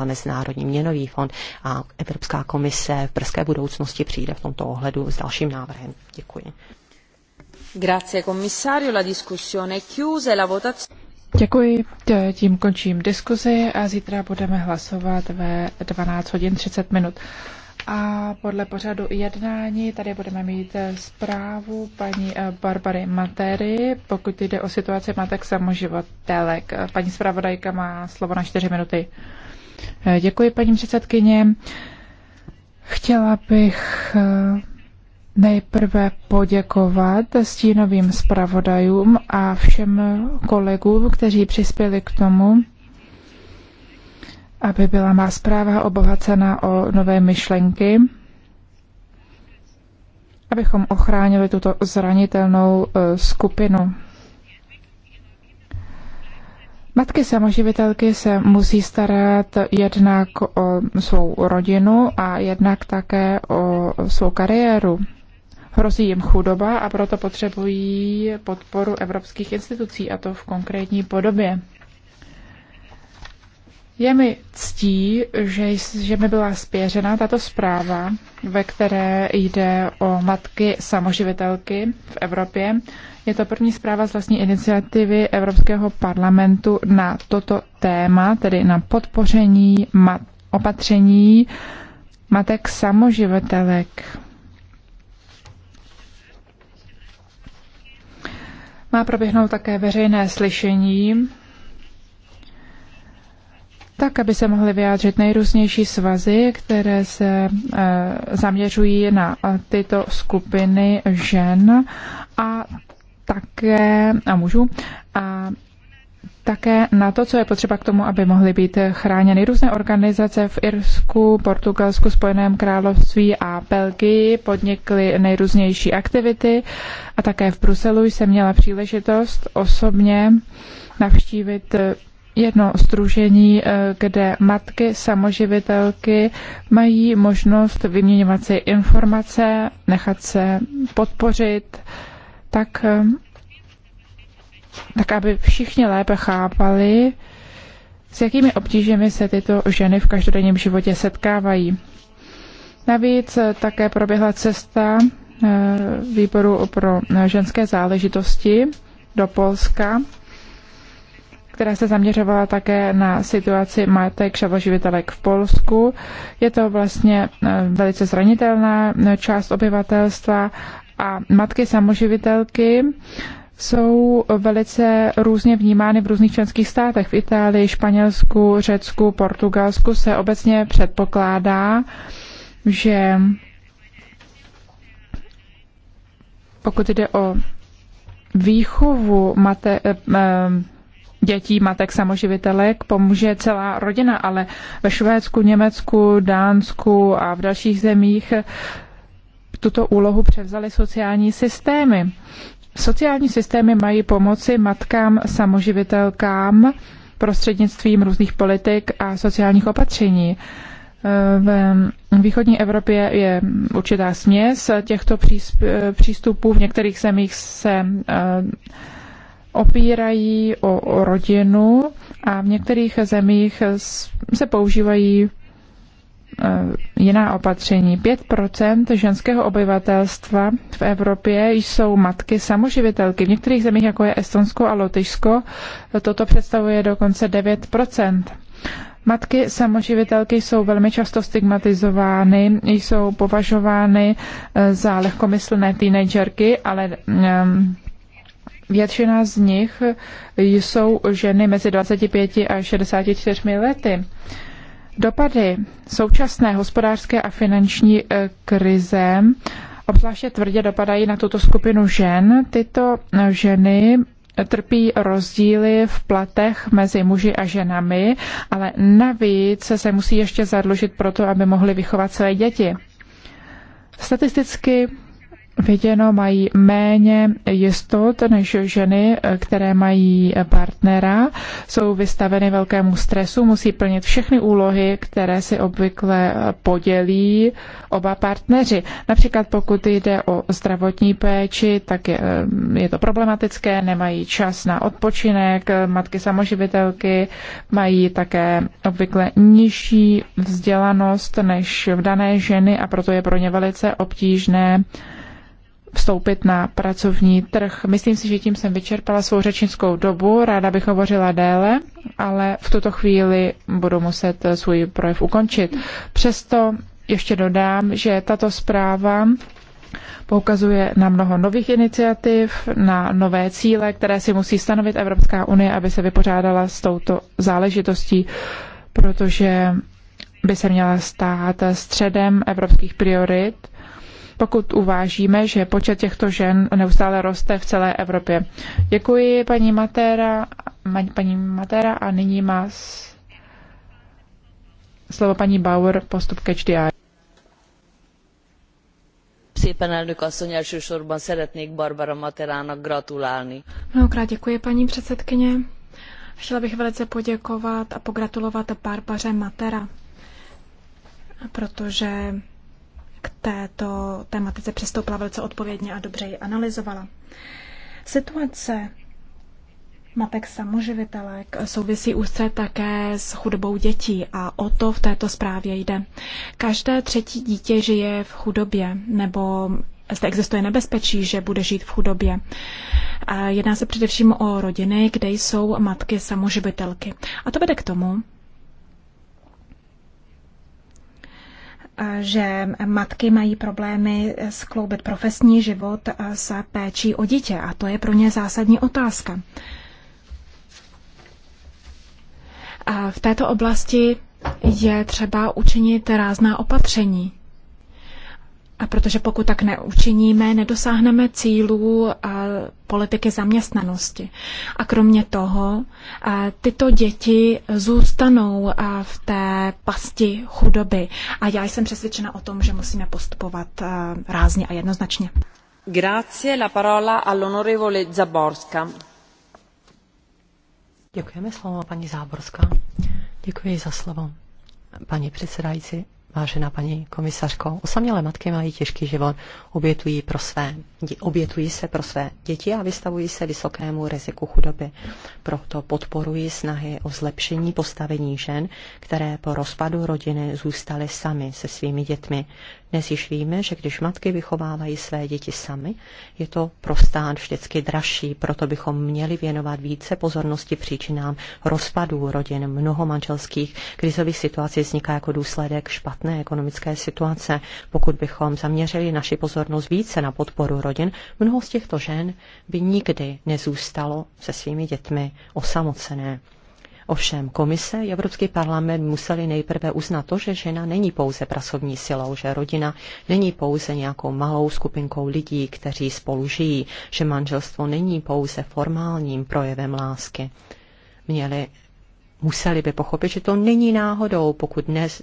a Mezinárodní měnový fond a Evropská komise v brzké budoucnosti přijde v tomto ohledu s dalším návrhem. Děkuji. Grazie commissario, la discussione è chiusa e la votazione... Děkuji, tím končím diskuzi a zítra budeme hlasovat ve 12 hodin 30 minut. A podle pořadu jednání tady budeme mít zprávu paní eh, Barbary Matery, pokud jde o situaci matek samoživotelek. Paní zpravodajka má slovo na 4 minuty. Eh, děkuji, paní předsedkyně. Chtěla bych eh, nejprve poděkovat stínovým zpravodajům a všem kolegům, kteří přispěli k tomu, aby byla má zpráva obohacena o nové myšlenky, abychom ochránili tuto zranitelnou eh, skupinu. Matky samoživitelky se musí starat jednak o svou rodinu a jednak také o svou kariéru. Hrozí jim chudoba a proto potřebují podporu evropských institucí, a to v konkrétní podobě. Je mi ctí, že, že mi byla spěřena tato zpráva, ve které jde o matky samoživitelky v Evropě. Je to první zpráva z vlastní iniciativy Evropského parlamentu na toto téma, tedy na podpoření mat, opatření matek samoživitelek. Má proběhnout také veřejné slyšení tak, aby se mohly vyjádřit nejrůznější svazy, které se eh, zaměřují na eh, tyto skupiny žen a také a mužů a také na to, co je potřeba k tomu, aby mohly být chráněny různé organizace v Irsku, Portugalsku, Spojeném království a Belgii, podnikly nejrůznější aktivity a také v Bruselu jsem měla příležitost osobně navštívit jedno združení, eh, kde matky samoživitelky mají možnost vyměňovat si informace, nechat se podpořit, tak, eh, tak aby všichni lépe chápali, s jakými obtížemi se tyto ženy v každodenním životě setkávají. Navíc eh, také proběhla cesta výboru pro ženské záležitosti do Polska která se zaměřovala také na situaci matek šavoživitelek v Polsku. Je to vlastně eh, velice zranitelná eh, část obyvatelstva a matky samoživitelky jsou velice různě vnímány v různých členských státech. V Itálii, Španělsku, Řecku, Portugalsku se obecně předpokládá, že pokud jde o výchovu mate, eh, dětí, matek, samoživitelek, pomůže celá rodina, ale ve Švédsku, Německu, Dánsku a v dalších zemích tuto úlohu převzaly sociální systémy. Sociální systémy mají pomoci matkám, samoživitelkám prostřednictvím různých politik a sociálních opatření. V východní Evropě je určitá směs těchto přístupů. V některých zemích se eh, opírají o, o rodinu a v některých zemích se používají e, jiná opatření. 5% ženského obyvatelstva v Evropě jsou matky samoživitelky. V některých zemích, jako je Estonsko a Lotyšsko, toto představuje dokonce 9%. Matky samoživitelky jsou velmi často stigmatizovány, jsou považovány e, za lehkomyslné teenagerky, ale e, Většina z nich jsou ženy mezi 25 a 64 lety. Dopady současné hospodářské a finanční eh, krize obzvláště tvrdě dopadají na tuto skupinu žen. Tyto eh, ženy trpí rozdíly v platech mezi muži a ženami, ale navíc se musí ještě zadlužit proto, aby mohly vychovat své děti. Statisticky viděno mají méně jistot než ženy, které mají partnera, jsou vystaveny velkému stresu, musí plnit všechny úlohy, které si obvykle podělí oba partneři. Například pokud jde o zdravotní péči, tak je, je to problematické, nemají čas na odpočinek, matky samoživitelky mají také obvykle nižší vzdělanost než v dané ženy a proto je pro ně velice obtížné vstoupit na pracovní trh. Myslím si, že tím jsem vyčerpala svou řečnickou dobu. Ráda bych hovořila déle, ale v tuto chvíli budu muset eh, svůj projev ukončit. Přesto ještě dodám, že tato zpráva poukazuje na mnoho nových iniciativ, na nové cíle, které si musí stanovit Evropská unie, aby se vypořádala s touto záležitostí, protože by se měla stát středem evropských priorit pokud uvážíme, že počet těchto žen neustále roste v celé Evropě. Děkuji paní Matera, paní Matera a nyní má slovo paní Bauer, postup ke HDI. Szépen elnök asszony, elsősorban szeretnék Barbara Materának gratulálni. Mnohokrát děkuji, paní předsedkyně. Chtěla bych velice poděkovat a pogratulovat Barbaře Matera, protože k této tematice přistoupila velice odpovědně a dobře ji analyzovala. Situace matek samoživitelek souvisí úzce také s chudobou dětí a o to v této zprávě jde. Každé třetí dítě žije v chudobě nebo zde existuje nebezpečí, že bude žít v chudobě. jedná se především o rodiny, kde jsou matky samoživitelky. A to vede k tomu, že matky mají problémy skloubit profesní život s péčí o dítě a to je pro ně zásadní otázka. A v této oblasti je třeba učinit rázná opatření. A protože pokud tak neučiníme, nedosáhneme cílů eh, politiky zaměstnanosti. A kromě toho, eh, tyto děti zůstanou eh, v té pasti chudoby. A já jsem přesvědčena o tom, že musíme postupovat rázně a jednoznačně. Grazie, la parola all'onorevole Zaborska. Děkujeme slovo, paní Záborská. Děkuji za slovo, paní předsedající vážená paní komisařko. Osamělé matky mají těžký život, obětují, pro své, obětují se pro své děti a vystavují se vysokému riziku chudoby. Proto podporují snahy o zlepšení postavení žen, které po rozpadu rodiny zůstaly sami se svými dětmi. Dnes již víme, že když matky vychovávají své děti sami, je to pro stát vždycky dražší, proto bychom měli věnovat více pozornosti příčinám rozpadů rodin. Mnoho manželských krizových situací vzniká jako důsledek špatných špatné ekonomické situace. Pokud bychom zaměřili naši pozornost více na podporu rodin, mnoho z těchto žen by nikdy nezůstalo se svými dětmi osamocené. Ovšem komise i Evropský parlament museli nejprve uznat to, že žena není pouze pracovní silou, že rodina není pouze nějakou malou skupinkou lidí, kteří spolu žijí, že manželstvo není pouze formálním projevem lásky. Měli museli by pochopit, že to není náhodou, pokud dnes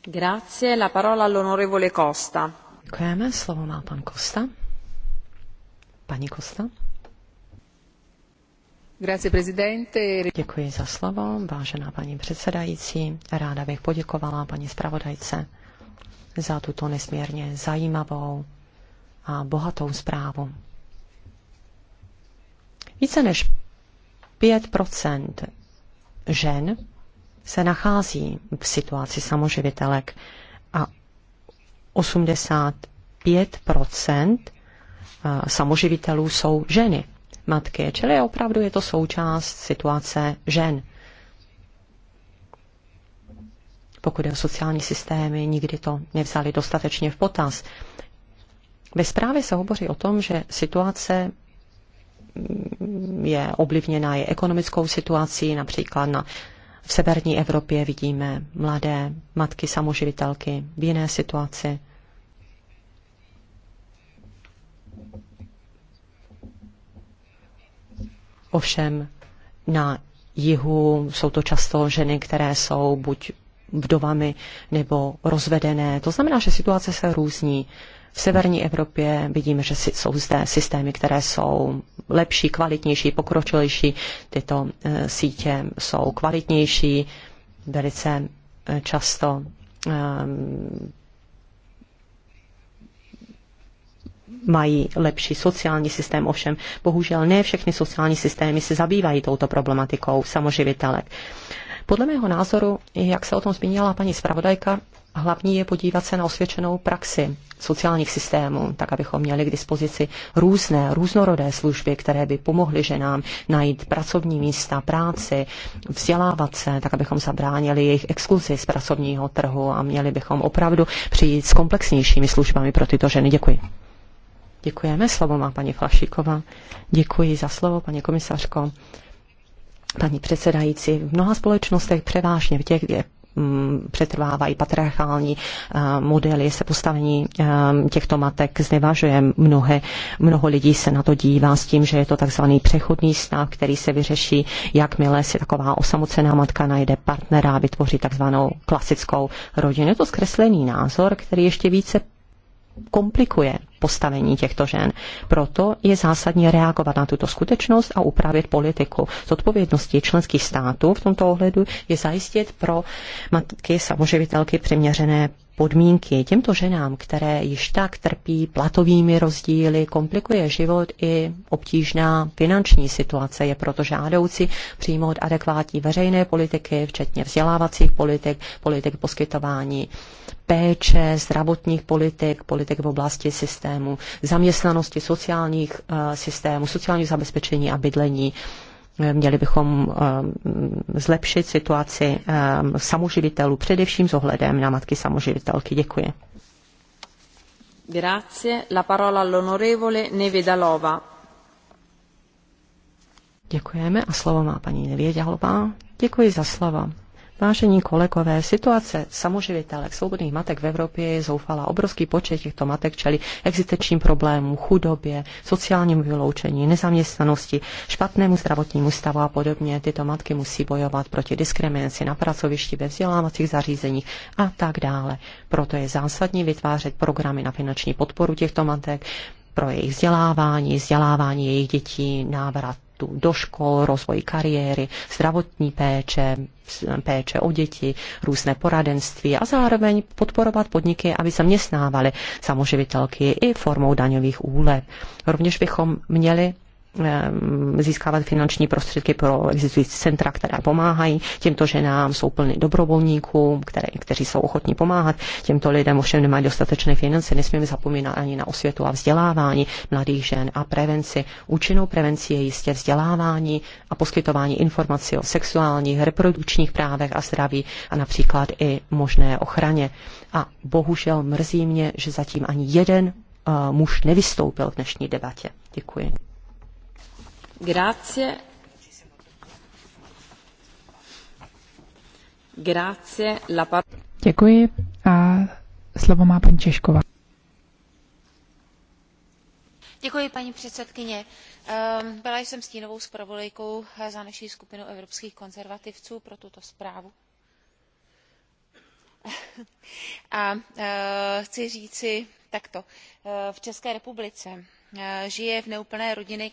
Grazie, la parola all'onorevole Costa. Děkujeme, slovo má pan Costa. Costa. Děkuji za slovo, vážená paní předsedající. Ráda bych poděkovala paní zpravodajce za tuto nesmírně zajímavou a bohatou zprávu. Více než 5 žen se nachází v situaci samoživitelek a 85 eh, samoživitelů jsou ženy, matky, čili opravdu je to součást situace žen. Pokud je o sociální systémy, nikdy to nevzali dostatečně v potaz. Ve zprávě se hovoří o tom, že situace mm, je ovlivněná je ekonomickou situací, například na v severní Evropě vidíme mladé matky samoživitelky v jiné situaci. Ovšem na jihu jsou to často ženy, které jsou buď vdovami nebo rozvedené. To znamená, že situace se různí. V severní Evropě vidíme, že jsou zde systémy, které jsou lepší, kvalitnější, pokročilejší. Tyto eh, sítě jsou kvalitnější, velice eh, často ehm, mají lepší sociální systém, ovšem bohužel ne všechny sociální systémy se zabývají touto problematikou samoživitelek. Podle mého názoru, jak se o tom zmínila paní zpravodajka, hlavní je podívat se na osvědčenou praxi sociálních systémů, tak abychom měli k dispozici různé, různorodé služby, které by pomohly ženám najít pracovní místa, práci, vzdělávat se, tak abychom zabránili jejich exkluzi z pracovního trhu a měli bychom opravdu přijít s komplexnějšími službami pro tyto ženy. Děkuji. Děkujeme. Slovo má paní Flašíková. Děkuji za slovo, paní komisařko paní předsedající, v mnoha společnostech, převážně v těch, kde mm, přetrvávají patriarchální eh, modely, se postavení eh, těchto matek znevažuje mnohé. Mnoho lidí se na to dívá s tím, že je to takzvaný přechodný stav, který se vyřeší, jakmile si taková osamocená matka najde partnera a vytvoří takzvanou klasickou rodinu. Je to zkreslený názor, který ještě více komplikuje postavení těchto žen. Proto je zásadní reagovat na tuto skutečnost a upravit politiku. Z odpovědností členských států v tomto ohledu je zajistit pro matky samoživitelky přiměřené podmínky těmto ženám, které již tak trpí platovými rozdíly, komplikuje život i obtížná finanční situace. Je proto žádoucí přijmout adekvátní veřejné politiky, včetně vzdělávacích politik, politik poskytování péče, zdravotních politik, politik v oblasti systému, zaměstnanosti, sociálních uh, eh, systémů, sociálního zabezpečení a bydlení. Uh, Měli bychom eh, zlepšit situaci eh, samoživitelů, především s ohledem na matky samoživitelky. Děkuji. Grazie. La parola all'onorevole Nevedalova. Děkujeme a slovo má paní Nevědělová. Děkuji za slovo. Vážení kolegové, situace samoživitelek, svobodných matek v Evropě je zoufala. Obrovský počet těchto matek čelí existenčním problémům, chudobě, sociálnímu vyloučení, nezaměstnanosti, špatnému zdravotnímu stavu a podobně. Tyto matky musí bojovat proti diskriminaci na pracovišti, ve vzdělávacích zařízeních a tak dále. Proto je zásadní vytvářet programy na finanční podporu těchto matek, pro jejich vzdělávání, vzdělávání jejich dětí, návrat sportu, do škol, rozvoj kariéry, zdravotní péče, péče o děti, různé poradenství a zároveň podporovat podniky, aby městnávaly samoživitelky i formou daňových úlev. Rovněž bychom měli Ehm, získávat finanční prostředky pro existující centra, které pomáhají těmto ženám, jsou plny dobrovolníků, které, kteří jsou ochotní pomáhat těmto lidem, ovšem nemají dostatečné finance. Nesmíme zapomínat ani na osvětu a vzdělávání mladých žen a prevenci. Účinnou prevenci je jistě vzdělávání a poskytování informací o sexuálních, reprodukčních právech a zdraví a například i možné ochraně. A bohužel mrzí mě, že zatím ani jeden uh, muž nevystoupil v dnešní debatě. Děkuji. Děkuji a slovo má paní Češková. Děkuji, paní předsedkyně. Ehm, byla jsem stínovou zpravodajkou za naší skupinu evropských konzervativců pro tuto zprávu. A eh, chci říci takto. Eh, v České republice eh, žije v neúplné rodiny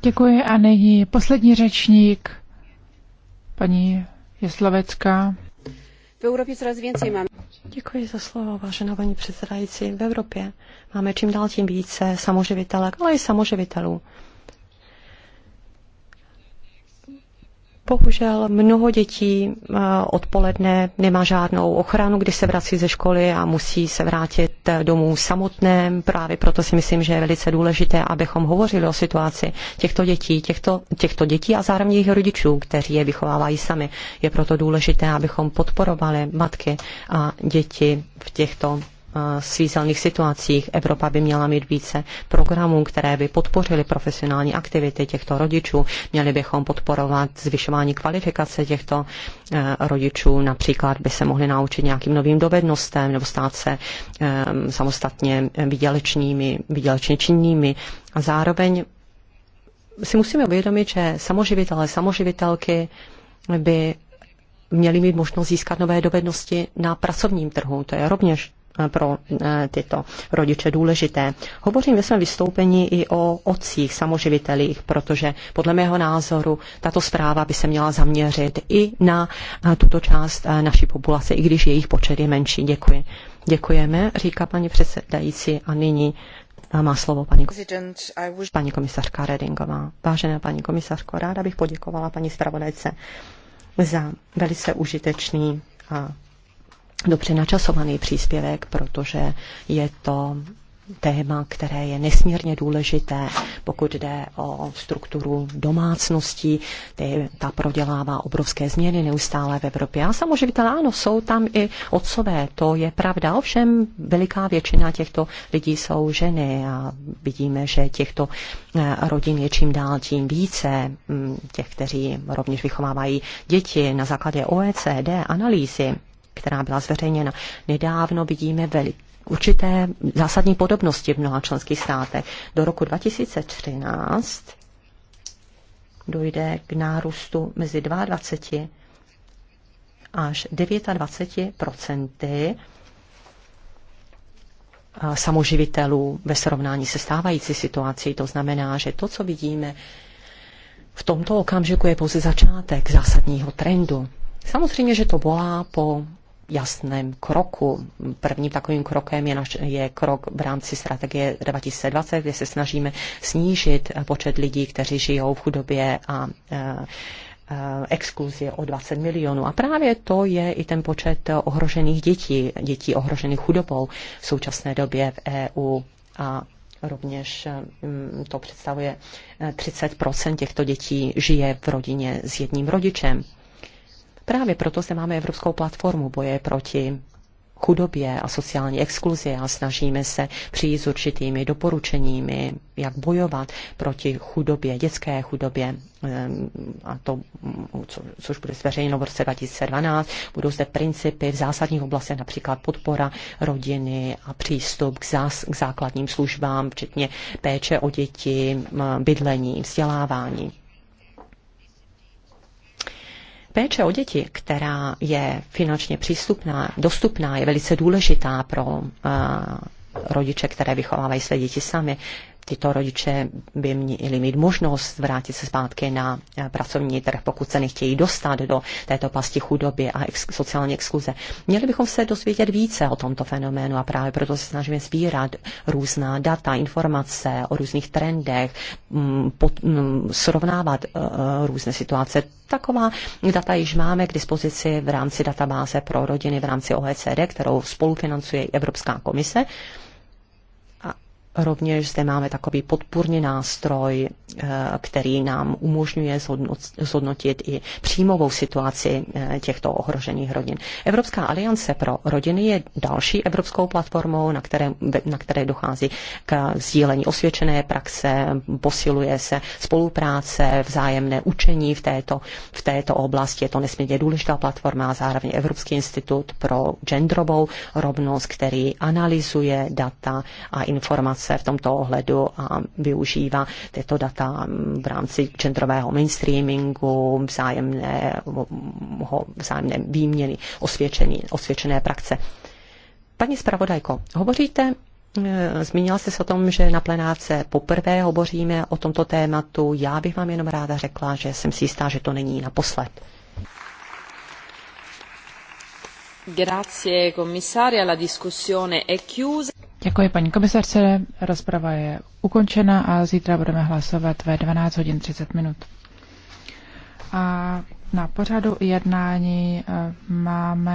Děkuji a nyní poslední řečník, paní Jeslovecká. V Evropě coraz więcej máme. Děkuji za slovo, vážená paní předsedající. V Evropě máme čím dál tím více samoživitelek, ale i samoživitelů. Bohužel mnoho dětí eh, odpoledne nemá žádnou ochranu, když se vrací ze školy a musí se vrátit eh, domů samotné. Právě proto si myslím, že je velice důležité, abychom hovořili o situaci těchto dětí, těchto, těchto dětí a zároveň jejich rodičů, kteří je vychovávají sami. Je proto důležité, abychom podporovali matky a děti v těchto Eh, svízelných situacích. Evropa by měla mít více programů, které by podpořily profesionální aktivity těchto rodičů. Měli bychom podporovat zvyšování kvalifikace těchto eh, rodičů. Například by se mohli naučit nějakým novým dovednostem nebo stát se eh, samostatně výdělečnými, výdělečně činnými. A zároveň si musíme uvědomit, že samoživitelé, samoživitelky by měli mít možnost získat nové dovednosti na pracovním trhu. To je rovněž pro eh, tyto rodiče důležité. Hovořím ve svém vystoupení i o otcích, samoživitelích, protože podle mého názoru tato zpráva by se měla zaměřit i na eh, tuto část eh, naší populace, i když jejich počet je menší. Děkuji. Děkujeme, říká paní předsedající a nyní má slovo paní, paní komisařka Redingová. Vážená paní komisařko, ráda bych poděkovala paní zpravodajce za velice užitečný a dobře načasovaný příspěvek, protože je to téma, které je nesmírně důležité, pokud jde o strukturu domácností. ta prodělává obrovské změny neustále v Evropě. A samozřejmě, ano, jsou tam i otcové, to je pravda. Ovšem, veliká většina těchto lidí jsou ženy a vidíme, že těchto eh, rodin je čím dál tím více, mm, těch, kteří rovněž vychovávají děti na základě OECD, analýzy která byla zveřejněna nedávno, vidíme velik, určité zásadní podobnosti v mnoha členských státech. Do roku 2013 dojde k nárůstu mezi 22 až 29 eh, samoživitelů ve srovnání se stávající situací. To znamená, že to, co vidíme v tomto okamžiku, je pouze začátek zásadního trendu. Samozřejmě, že to volá po jasném kroku. Prvním takovým krokem je, naš, je krok v rámci strategie 2020, kde se snažíme snížit počet lidí, kteří žijou v chudobě a e, e, exkluzie o 20 milionů. A právě to je i ten počet ohrožených dětí, dětí ohrožených chudobou v současné době v EU. A rovněž e, to představuje 30 těchto dětí žije v rodině s jedním rodičem. Právě proto se máme Evropskou platformu boje proti chudobě a sociální exkluzi a snažíme se přijít s určitými doporučeními, jak bojovat proti chudobě, dětské chudobě ehm, a to, co, což bude zveřejněno v roce 2012. Budou zde principy v zásadních oblastech, například podpora rodiny a přístup k, zás, k základním službám, včetně péče o děti, bydlení, vzdělávání péče o děti, která je finančně přístupná, dostupná, je velice důležitá pro uh, rodiče, které vychovávají své děti sami tyto rodiče by měli mít možnost vrátit se zpátky na eh, pracovní trh, pokud se nechtějí dostat do této pasti chudoby a ex- sociální exkluze. Měli bychom se dozvědět více o tomto fenoménu a právě proto se snažíme sbírat různá data, informace o různých trendech, mm, mm, srovnávat eh, eh, různé situace. Taková data již máme k dispozici v rámci databáze pro rodiny v rámci OECD, kterou spolufinancuje Evropská komise. Rovněž zde máme takový podpůrný nástroj Eh, který nám umožňuje zhodnotit i příjmovou situaci eh, těchto ohrožených rodin. Evropská aliance pro rodiny je další evropskou platformou, na které, na které dochází k sdílení osvědčené praxe, posiluje se spolupráce, vzájemné učení v této, v této oblasti. Je to nesmírně důležitá platforma a zároveň Evropský institut pro genderovou rovnost, který analyzuje data a informace v tomto ohledu a využívá tyto data témata v rámci genderového mainstreamingu, vzájemného, vzájemné výměny, osvědčený, osvědčené praxe. Paní zpravodajko, hovoříte eh, Zmínila jste se o tom, že na plenáce poprvé hovoříme o tomto tématu. Já bych vám jenom ráda řekla, že jsem si jistá, že to není naposled. Grazie commissaria, la discussione è chiusa. Děkuji paní komisarce, rozprava je ukončena a zítra budeme hlasovat ve 12 hodin 30 minut. A na pořadu jednání eh, máme